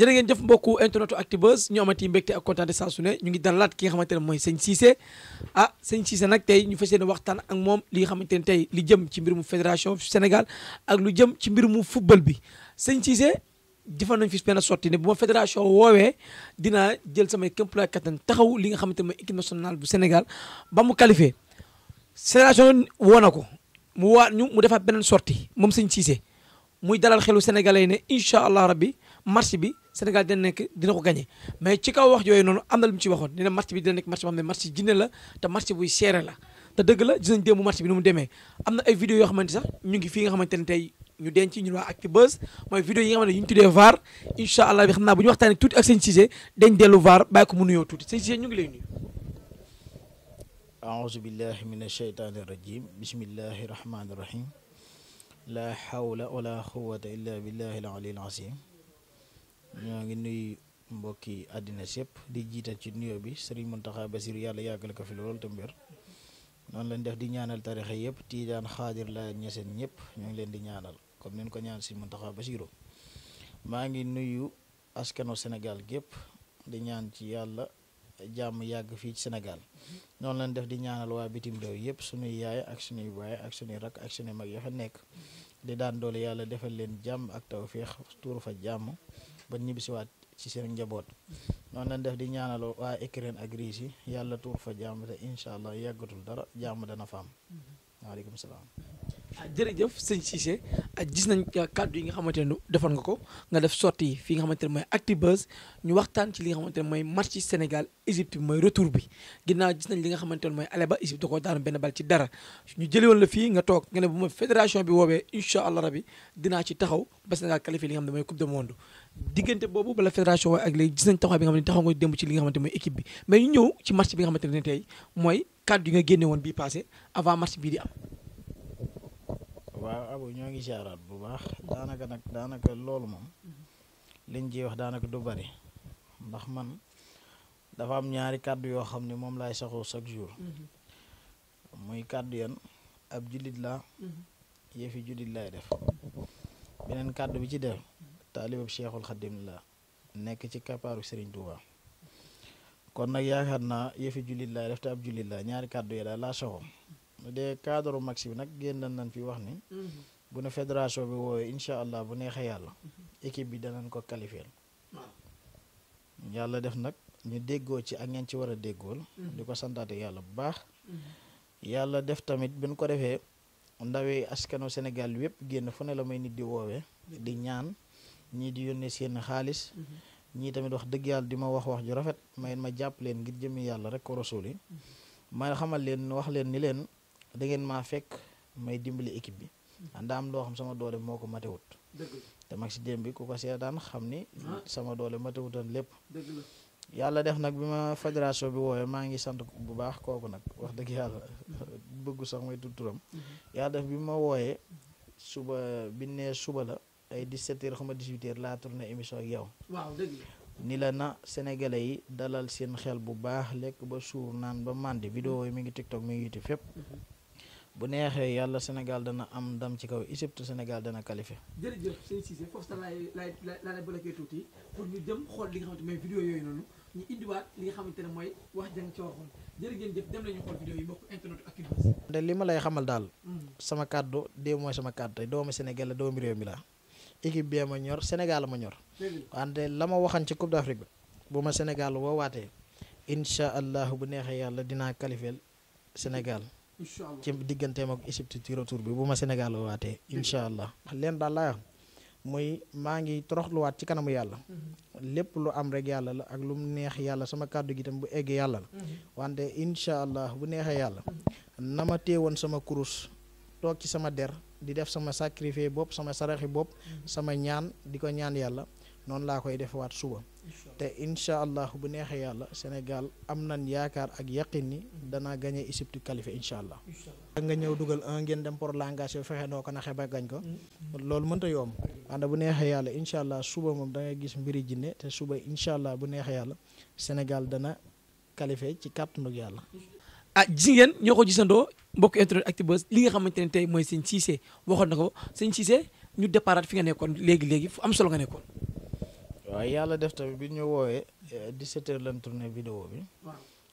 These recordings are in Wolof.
jërë ngeen jëf mbokku internetu Actubuzz ñu amati mbégte ak kontaante saa su ne ñu ngi dalalaat ki nga xamante ne mooy sëñ Cissé ah sëñ Cissé nag tey ñu fas ne waxtaan ak moom li nga xamante ne tey li jëm ci mbir mu fédération Sénégal ak lu jëm ci mbir mu football bi sëñ Cissé defal nañ fi benn sortie ne bu ma fédération woowee dinaa jël samay kéemtulaay kattan taxaw li nga xamante ne mooy équipe nationale bu Sénégal ba mu qualifié fédération woo ko mu waa ñu mu defaat beneen sortie moom sëñ muy dalal xelu sénégalais ne incha allah rabbi match bi Sénégal dina nekk dina ko gagné mais ci kaw wax yooyu noonu am na lu mu ci waxoon nee na match bi dina nekk match boo xam ne match jinne la te match buy seere la te dëgg la gis nañ démb match bi ni mu demee am na ay vidéo yoo xamante sax ñu ngi fii nga xamante ne tey ñu denc ñun waa Actubuzz mooy vidéo yi nga xam ñu tuddee VAR incha allah bi xam naa bu ñu waxtaanee tuuti ak dellu VAR bàyyi ko mu nuyoo tuuti sëñ Cissé ñu ngi lay nuyu aouzu billahi min asheytaani rajim bismillahi rahmaani wala quwwata illa billahi al aliyyil azim ñoo ngi nuyu mbokki àddina sépp di jiital ci nuyo bi sëriñ Muntaxa Basiir yàlla yàggal ko fi loolu te mbir noonu lañ def di ñaanal tarixa yëpp tiijaan xaadir la ñeseen ñëpp ñoo ngi leen di ñaanal comme ni ñu ko ñaan sëriñ Muntaxa Basiiru maa ngi nuyu askanu senegal gépp di ñaan ci yàlla jàmm yàgg fii ci Sénégal noonu lañ def di ñaanal waa bitim réew yëpp suñuy yaay ak suñuy baay ak suñuy rakk ak suñuy mag ya fa nekk di daan doole yàlla defal leen jàmm ak tawféex jàmm ba ñibbisiwaat ci seen njaboot noonu lañ def di ñaanal waa Ukraine ak Russie yàlla tuur fa jàmm te incha allah yàggatul dara jàmm dana fa am. Mm-hmm. salaam. Ah, jërëjëf sëñ Cissé ah, gis nañ ah, kàddu yi nga xamante ne defoon nga ko nga def sorti fi nga xamante ne mooy Actubuzz ñu waxtaan ci li nga xamante ne mooy match Sénégal Égypte bi mooy retour bi ginnaaw gis nañ li nga xamante ne mooy ale ba Égypte da koo daanu benn bal ci dara ñu jëli woon la fii nga toog nga ne bu ma fédération bi woowee incha allah rabi dinaa ci taxaw ba Sénégal qualifié li nga xam ne mooy coupe du monde diggante boobu bala fédération waaye ak léegi gis nañ taxaw bi nga xam taxaw nga démb ci li nga xamante mooy équipe bi mais ñu ñëw ci match bi nga nga génne woon bii passé avant match bii di waaw abu ñoo ngi jaaraat bu baax daanaka nag daanaka loolu moom liñ ciy wax daanaka du bari ndax man dafa am ñaari kàddu yoo xam ne moom laay saxoo chaque jour mm-hmm. muy kàddu yan ab jullit laa mm-hmm. yëfi jullit laay def beneen kàddu bi ci def taalibab cheikhul xadim la nekk ci kapaaru Serigne Touba kon nag yaakaar naa yëfi jullit laay def te ab jullit laa ñaari kàddu yi daal laa saxoo bu dee cadre max bi nag génn nañ fi wax ni. Mm-hmm. bu ne fédération bi woowee incha allah bu neexee yàlla. Mm-hmm. équipe bi danañ ko qualifier. yàlla def nag ñu déggoo ci ak ngeen ci war a déggool. Mm-hmm. di ko santaate yàlla bu baax. yàlla def tamit bi ñu ko defee ndawee askanu senegal yépp génn fu ne la may nit di woowee. di ñaan ñii di yónnee seen xaalis. ñii tamit wax dëgg yàlla di ma wax wax ju rafet may ma jàpp leen ngir jëmmi yàlla rek ko rasul yi. ma xamal leen wax leen ni leen. da ngeen maa fekk may dimbali équipe bi anda am loo xam sama doole moo ko matewut te mag bi ku ko seetaan xam ni ah. sama doole matewutoon lépp yàlla def nag bi ma fédération bi woowee maa ngi sant bu baax kooku nag wax dëgg yàlla bëggu sax may tudd turam mhm. def bi ma wooyee suba bi ne suba la ay 17 heures xama 18 heures laa tourné émission ak yow ni la na sénégalais yi dalal seen xel bu baax lekk ba suur naan ba màndi vidéo yi mi ngi tiktok mi ngi youtube fépp mhm. bu neexee yàlla Sénégal dana am ndam ci kaw Égypte Sénégal dana qualifié. jërëjëf sëñ Cissé foofu tuuti pour ñu dem xool li nga xamante mooy mooy wax jàng ci waxoon internet ak Actubuzz. ma lay xamal daal. Hmm. sama kàddu sama kàddu tey doomu Sénégal la doomu réew mi la équipe bi ma ñor Sénégal ma ñor. wante la ma waxan ci Coupe d'Afrique bu ma Sénégal woowaatee incha allah bu neexee yàlla dinaa qualifié Sénégal ci digganteem ak Égypte ci retour bi bu ma Sénégal waatee incha allah leen daal laa muy maa ngi toroxluwaat ci kanamu yàlla mhm. lépp lu am rek yàlla la ak lu neex yàlla sama kàddu gi tam bu egg yàlla la mhm. wante incha allah bu neexee yàlla na ma téewoon sama kurus toog ci sama der di def sama sacrifice bopp sama saraxi bopp mhm. sama ñaan di ko ñaan yàlla noonu laa koy defewaat suba te incha allah bu neexee yàlla Sénégal am na yaakaar ak yaqin ni dana gagné Égypte qualifié incha allah. nga ñëw dugal un ngeen dem prolongation fexe noo ko naxee ba gañ ko. Mm, mm. loolu mënta yomb. ànd bu neexee yàlla incha allah suba moom dangay gis mbiri jinne te suba incha allah bu neexee yàlla Sénégal dana qualifié ci kàttanu ak yàlla. ah gis ngeen ñoo ko gisandoo mbokk internet Actubuzz li nga xamante ne tey mooy sëñ boo waxoon na ko sëñ Cissé ñu départ fi nga nekkoon léegi léegi fu am solo nga nekkoon. waaye yàlla def tamit bi ñu woowee 17 eh, heures lañ tourné vidéo bi.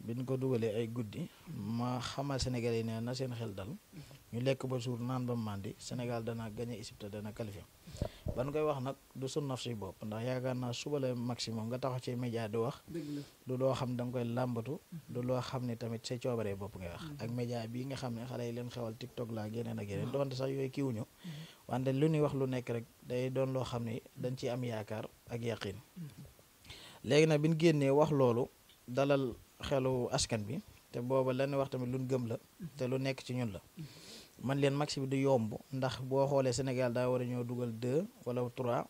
bi ñu ko dugalee ay guddi. ma xamal Sénégal yi ne na seen xel dal. ñu lekk ba suur naan ba màndi Sénégal dana gagné Égypte dana qualifié. ba nu koy wax nag du sun naf si bopp ndax yaakaar naa suba la maximum nga taxaw ci média di wax. du loo xam da nga koy làmbatu. loo xam ne tamit sa coobaree bopp ngay wax. ak média bi nga xam ne xale yi leen xewal TikTok laa yeneen ak yeneen. doonte sax yooyu kiiwuñu. wante lu ñuy wax ak yaqin léegi nag bi nu génnee wax loolu dalal xelu askan bi te booba lan wax tamit luñ gëm la te lu nekk ci ñun la man leen max bi du yomb ndax boo xoolee Sénégal daal war a ñoo dugal deux wala trois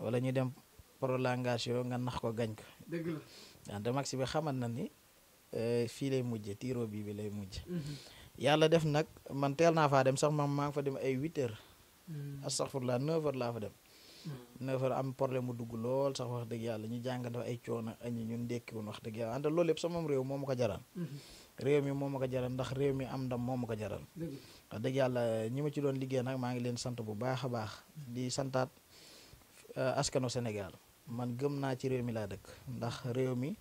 wala ñu dem prolongation nga nax ko gañ ko dëgg la max bi xamal na ni euh, fii lay mujje tiro bii bi lay mujj mhm. yàlla def nag man teel naa fa dem sax man maa ngi fa dem ay huit heures mhm. astaghfirullah neuf heures laa fa dem dafa am problème mu dugg lool sax wax dëgg yàlla ñu jàng dafa ay coono añi ñun ndékkiwun wax dëgg yàlla ànd loolu yëpp sama réew moo ma ko jaral mm-hmm. réew mi moom ma ko jaral ndax réew mi am ndam moom ma ko jaral wax dëgg yàlla ñi ma ci doon liggéey nag maa ngi leen sant bu baax a baax di santaat euh, askanu Sénégal man gëm naa ci réew mi laa dëkk ndax réew mi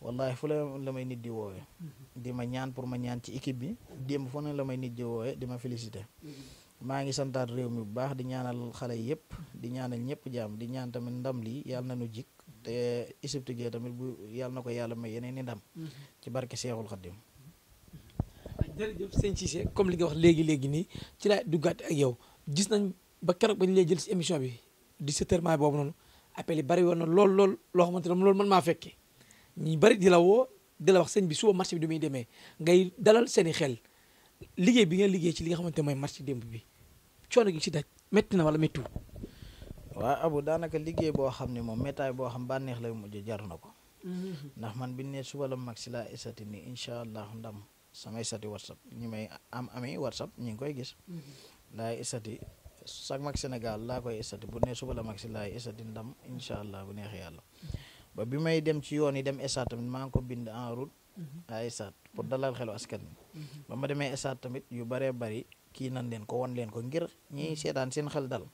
wallahi fu la la may nit di woowee mm-hmm. di ma ñaan pour ma ñaan ci équipe bi démb fu ne la may nit di ma félicité mm-hmm. maa ngi santaat réew mi bu baax di ñaanal xale yëpp di ñaanal ñëpp jàmm di ñaan tamit ndam lii yàlla na nu jik te Égypte gee tamit bu yàlla na ko yàlla may yeneen i ndam. Mhm. ci barke Seexul Xaddim. jërëjëf sëñ Cissé comme li nga wax léegi léegi nii ci laay duggaat ak yow gis nañ ba keroog ba ñu lay jël si émission bi di sa terme boobu noonu appel yi bari woon na lool lool loo xamante ne loolu man maa fekkee ñu bari di la woo di la wax sëñ bi suba marché bi du muy demee ngay dalal seen i xel liggéey bi nga liggéey ci li nga xamante mooy marché démb bi. coono gi ci daj métti na wala méttiwul. waaw Abu daanaka liggéey boo xam ne moom méttaay boo xam bànneex lay mujj jar na ko. Mm-hmm. ndax man bi ne suba la mag si laa isati ni incha allah ndam samay isati whatsapp ñi may am ami whatsapp ñi ngi koy gis. Mm-hmm. laay isati chaque mag laa koy isati bu ne suba la mag si laay isati bu neex yàlla. Mm-hmm. ba bi may dem ci yoon yi dem esat tamit maa ko bind en route. ay esat pour dalal xelu askan bi ba ma demee esat tamit yu baree bari kii nan leen ko won leen ko ngir ñiy mm-hmm. seetaan seen xel dal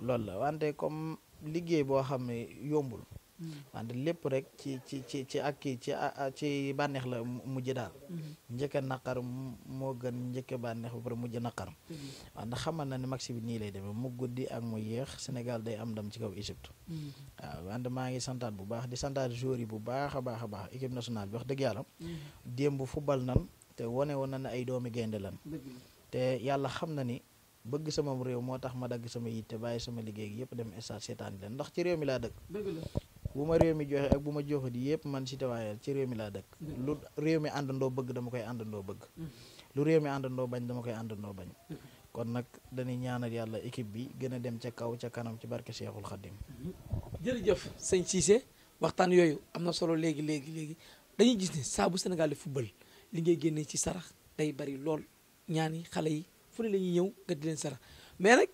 loolu la wante comme liggéey boo xam ne yombul mm-hmm. wante lépp rek ci ci ci ci ak kii ci ci bànneex la mujj daal mm-hmm. njëkk naqar moo gën njëkk bànneex ba pare mujj naqar wante xamal na ne maxi bi nii lay deme mu guddi ak mu yéex Sénégal day am ndam ci kaw Égypte waaw wante maa ngi santaat bu baax di santaat joueurs yi bu baax a baax a baax équipe nationale bi wax dëgg yàlla démb football nan te wane woon na ne ay gaynde lan te yàlla xam na ni bëgg sama réew moo tax ma dagg sama yitte bàyyi sama liggéey gi yëpp dem stade seetaan leen ndax ci réew mi laa dëkk. bu ma réew mi joxe ak bu ma joxe di yëpp man citoyen ci réew mi laa dëkk. lu réew mi àndandoo bëgg dama koy àndandoo bëgg. Mm. lu réew mi àndandoo bañ dama koy àndandoo bañ. Mm. kon nag dañuy ñaanal yàlla équipe bi gën a dem ca kaw ca kanam ci barke Cheikhul Khadim. Mm-hmm. jërëjëf sëñ Cissé waxtaan yooyu am na solo léegi léegi léegi dañuy gis ne saa bu Sénégal di ñaan yi xale yi fu ne la ñuy ñëw nga di leen sarax mais nag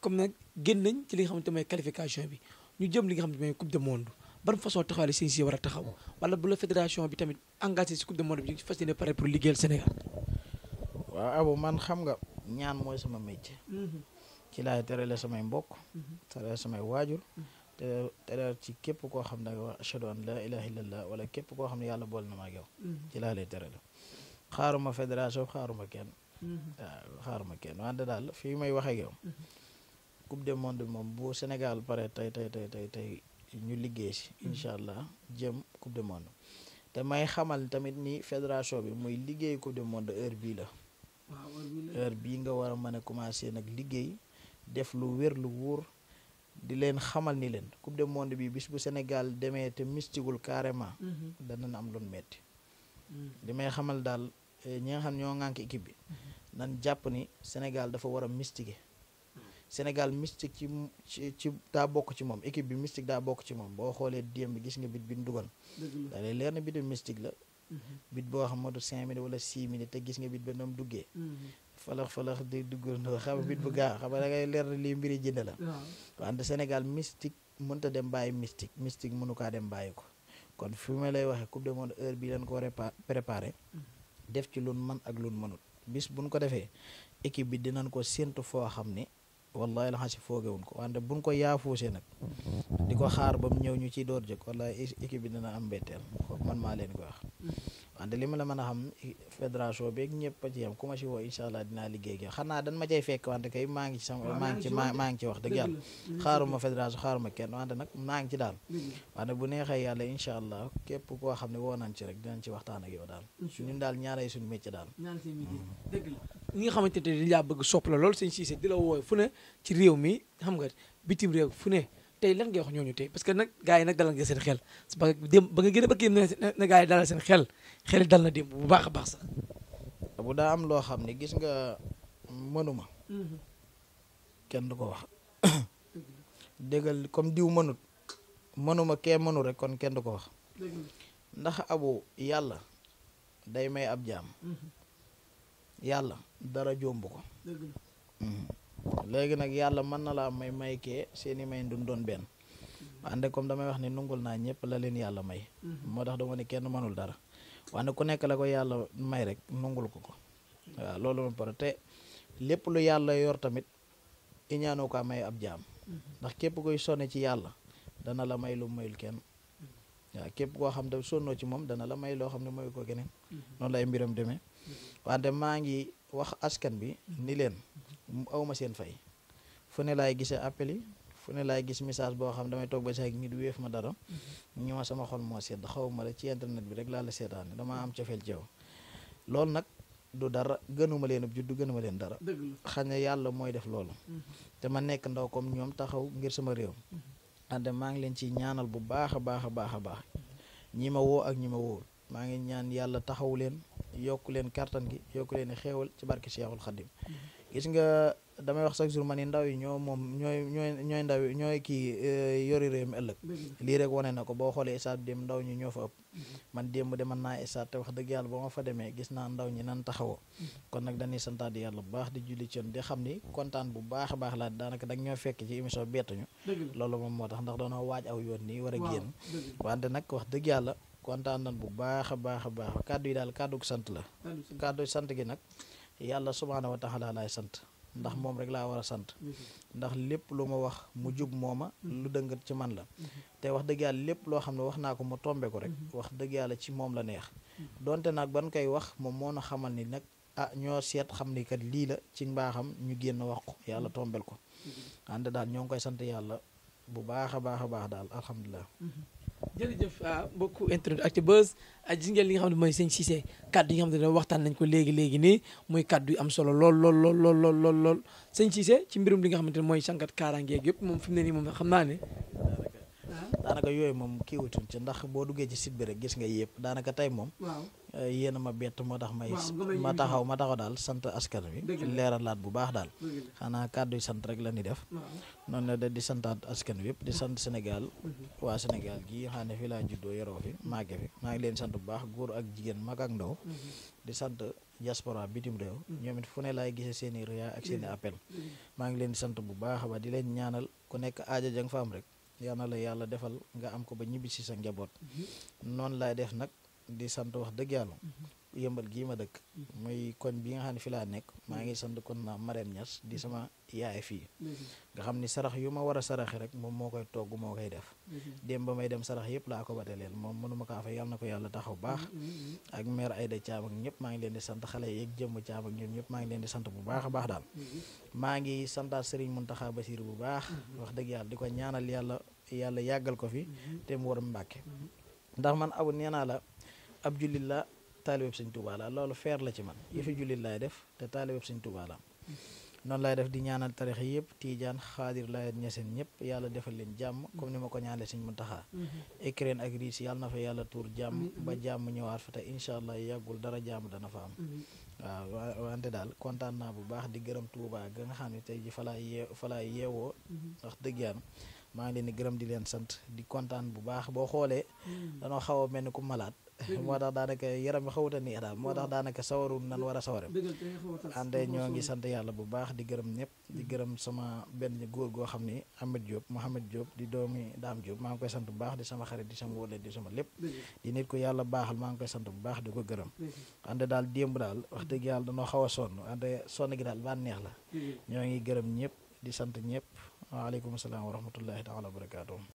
comme nag génn nañ ci li nga xamante mooy qualification bi ñu jëm li nga xam ne mooy coupe du monde ban façon taxawaay la seen war a taxaw wala bu la bi tamit engagé si coupe du monde bi ñu fas yéene pare waaw Abou man xam nga ñaan mooy sama métier. Mhm. ci laay terale samay mbokk. Mhm. terale waajur. te teral ci képp koo xam ne wax ashhadu an la ilaha wala képp koo xam ne yàlla bool na ma ak yow. Mhm. ci laa lay terale xaaruma fédération xaaruma kenn. waaw xaar ma kenn wante daal fii may wax ak yow. coupe du monde moom bu Sénégal pare tey tey tey tey ñu liggéey si. incha allah jëm coupe du monde. te may xamal tamit ni fédération bi muy liggéey coupe du monde heure bii la. heure bii nga war a mën a commencé nag liggéey def lu wér lu wóor di leen xamal ni leen coupe du monde bi bis bu Sénégal demee te mystigul carrément. Mhm. danañ am lu metti mhm. li may xamal daal eh, ñi nga xam ñoo ŋànk équipe bi. Mhm. nan jàpp ni Sénégal dafa war a mystique Sénégal mystique ci ci ci daa bokk ci moom équipe bi mystique daa bokk ci moom boo xoolee démb bi gis nga bit bi ñu dugal. da lay leer na bitu mystique la. Mhm. bit boo xam ne du cinq minutes wala six te gis nga bit ba noom duggee. Mhm. falax falax di dugg xam bit na lii mbiri jënd la. wante Sénégal mystique mënut a dem bàyyi mystique mystique mënu kaa dem bàyyi ko kon fi ma lay waxee coupe du monde heure bii lañ ko préparé. Mhm. def ci lu man ak lu mënut. bis buñ ko defee équipe bi dinañ ko séntu foo xam ne wallahi la xasi foogewuñ ko wante buñ ko yaafuusee nag di ko xaar ba ñëw ñu ciy door jëkk wallahi équipe bi dina am mbetteel man maa leen ko wax wante li ma la mën a xam fédération beeg ñëpp a ci yam ku ma si woo allah dinaa liggéey ak xanaa dan ma fekk wante kay maa ngi ci wax dëgg yàlla xaaruma fédération xaaruma kenn wante nag maa ngi ci daal wante bu neexee yàlla incha allah képp koo xam ne woo nañ ci rek dinañ ci waxtaan ak yo daal ñun daal ñaaray suñu métier daal mm-hmm. dëgg la ñi nga xamante ne di laa bëgg sopp la lool sëñ Cissé di la wooy fu ne ci réew mi xam nga bitim réew fu ne tey lan ngay wax ñooñu tey parce que nag gars yi nag dalal nga seen xel parce que dem ba nga gën a bëgg ne gars yi dalal seen xel xel dal na démb bu baax a baax sax. bu daa am loo xam ne gis nga mënuma. Mhm. kenn du ko wax. déggal comme diw mënut mënuma kee mënu rek kon kenn du ko wax. ndax abu yàlla day may ab jaam. Mhm. yàlla dara jomb ko. léegi nag yàlla mën na laa may maykee seen i may duñ doon benn wante comme damay wax ne nungul naa ñëpp la leen yàlla may mhm. moo tax dama ne kenn manul dara wante ku nekk la ko yàlla may rek nungul ko ko waaw te lépp lu yàlla yor tamit iñaanoo ko may ab jaam mhm. ndax képp koy sonne ci yàlla dana la may lu mayul kenn mhm. waaw képp koo xam ne sonnoo ci moom dana la may loo xam ne mayu ko keneen noonu lay mbiram demee wante maa ngi wax askan bi ni leen aw ma seen fay fu ne laay gisee appel yi fu ne laay gis message boo xam damay toog ba sax nit wéef ma dara ñu mm-hmm. ma sama xol moo sedd xaw ma la ci internet bi rek laa la seetaan dama am cofeel ci yow lool nag du dara gënuma leen ab juddu gënuma leen dara xañ yàlla mooy def loolu mm-hmm. te ma nekk ndaw comme ñoom taxaw ngir sama réew mm-hmm. ande maa ngi leen ci ñaanal bu baax a baax a baax a baax ñi ma woo ak ñi ma woo maa ngi ñaan yàlla taxaw leen yokk leen kartan gi yokk leen xéewal ci barke Seexul gis nga damay wax chaque jour ma ni ndaw yi ñoo moom ñooy ñooy ñooy ndaw yi ñooy kii eh, yori réew mi ëllëg lii rek wane na ko boo xoolee stade démb ndaw ñi ñoo fa ëpp mm-hmm. man démb de mën naa stade te wax dëgg yàlla ba ma fa demee gis naa ndaw ñi nan taxawoo mm-hmm. kon nag dañuy santaat yàlla bu baax di julli ci di xam ni kontaan bu baax a baax laa daanaka dag ñoo fekk ci émission bettuñu loolu moom moo tax ndax doonoo waaj aw yoon nii war a génn wante nag wax dëgg yàlla kontaan nan bu baax a baax a baax kàddu yi daal kàddu sant la kàddu sant gi nag yàlla subhaanahu wa taala laay sant ndax moom rek laa war a sant ndax lépp lu ma wax mu jub moo ma lu dëngat ci man la te wax dëgg yàlla lépp loo xam ne wax naa ko mu tombe ko rek wax dëgg yàlla ci moom la neex donte nag ban koy wax moom moo na xamal ni nag ah ñoo seet xam ni kat lii la ci mbaaxam ñu génn wax ko yàlla tombeel ko ànd daal ñoo ngi koy sant yàlla bu baax a baax a baax daal alhamdulilah jërëjëf ah, mbokku internet Actubuzz ah, gis ngeen li nga xam ne mooy sëñ Cissé kaddu yi nga xam ne waxtaan nañ ko léegi léegi nii muy kaddu yu am solo lool lool lool lool lool lool ci mbirum li nga xamante ne mooy sànqat kaaraange yeeg yëpp moom fim mu ne nii moom xam naa ne daanaka yooyu moom kiiwatuñ ci ndax boo duggee ci site gis nga yëpp daanaka tey moom waaw Eh, yéen a ma bett moo tax may ma taxaw ma taxaw daal sant askan wi leeralaat bu baax daal xanaa kàddu yi sant rek la ñuy def noonu la da di santaat askan wi yëpp di sant Sénégal mhm. waa Sénégal gi xam fi laa juddoo yoroo fi màgge fi maa ngi leen sant bu baax góor ak jigéen mag ak ndaw mhm. di sant diaspora bitim réew mhm. ñoom it fu ne laay gisee seen i réa ak seen appel maa ngi leen sant bu baax ba di leen ñaanal ku nekk aaja jang fa am rek yal na la yàlla defal nga am ko ba ñibbi si sa njaboot di sant wax dëgg yàlla mm-hmm. yëmbal gii ma dëkk mm-hmm. muy koñ bi nga xam ne fi laa nekk mm-hmm. maa ngi sant kon na Marème Niass di sama yaay fii nga xam ni sarax yu ma war a saraxe rek moom moo koy togg moo koy def dem ba may dem sarax yëpp laa ko bataleel moom mënuma kaa fa yàlla na ko yàlla taxaw baax ak maire Aïda Thiam ak ñëpp maa ngi leen di sant xale yeeg jëmm Thiam ak ñoom ñëpp maa ngi leen di sant bu baax a baax daal maa ngi santaat Serigne Mountakha Bassirou bu baax wax dëgg yàlla di ko ñaanal yàlla yàlla yàggal ko fi te mu war Mbàkke ndax man ab jullit la taalibeeb sëñ Tuubaa la loolu feer la ci man yëfi jullit laay def te taalibeeb sëñ Tuubaa la noonu def di ñaanal tarix yëpp tiijaan xaadir laayet ñeseen ñëpp yàlla defal leen jàmm comme ni ma ko ñaanale sëñ Muntaxa mm-hmm. écrén ak riis yàlla na fa yàlla tuur jàmm mm-hmm. ba jàmm ñëwaat fa te incha allah yàggul dara jàmm dana fa am mm-hmm. waaw wante daal kontaan naa bu baax di gërëm Tuubaa ga nga xam ne tey ji falaa yee falaa yeewoo ndax dëgg yàlla maa ngi leen di gërëm di leen sant di kontaan bu baax boo xoolee. Hmm. danoo xaw mel ni ku malaat. moo tax daanaka yaram bi xawuta nii daal moo tax hmm. daanaka sawarul nan war a sawaram ànde ñoo ngi sant yàlla bu baax di gërëm ñëpp di hmm. gërëm sama benn góor goo xam ni Ahmed Diop Mohamed Diop di doomi Daam maa koy sant bu baax di sama xarit di sama wóole di sama lépp di nit ko yàlla baaxal maa ngi koy sant bu baax di ko gërëm ànde daal démb daal wax dëgg yàlla danoo xaw a sonn ànde sonn gi daal bànneex la ñoo ngi gërëm ñëpp di sant ñëpp waaleykum salaam wa rahmatullahi taala wa barakaatu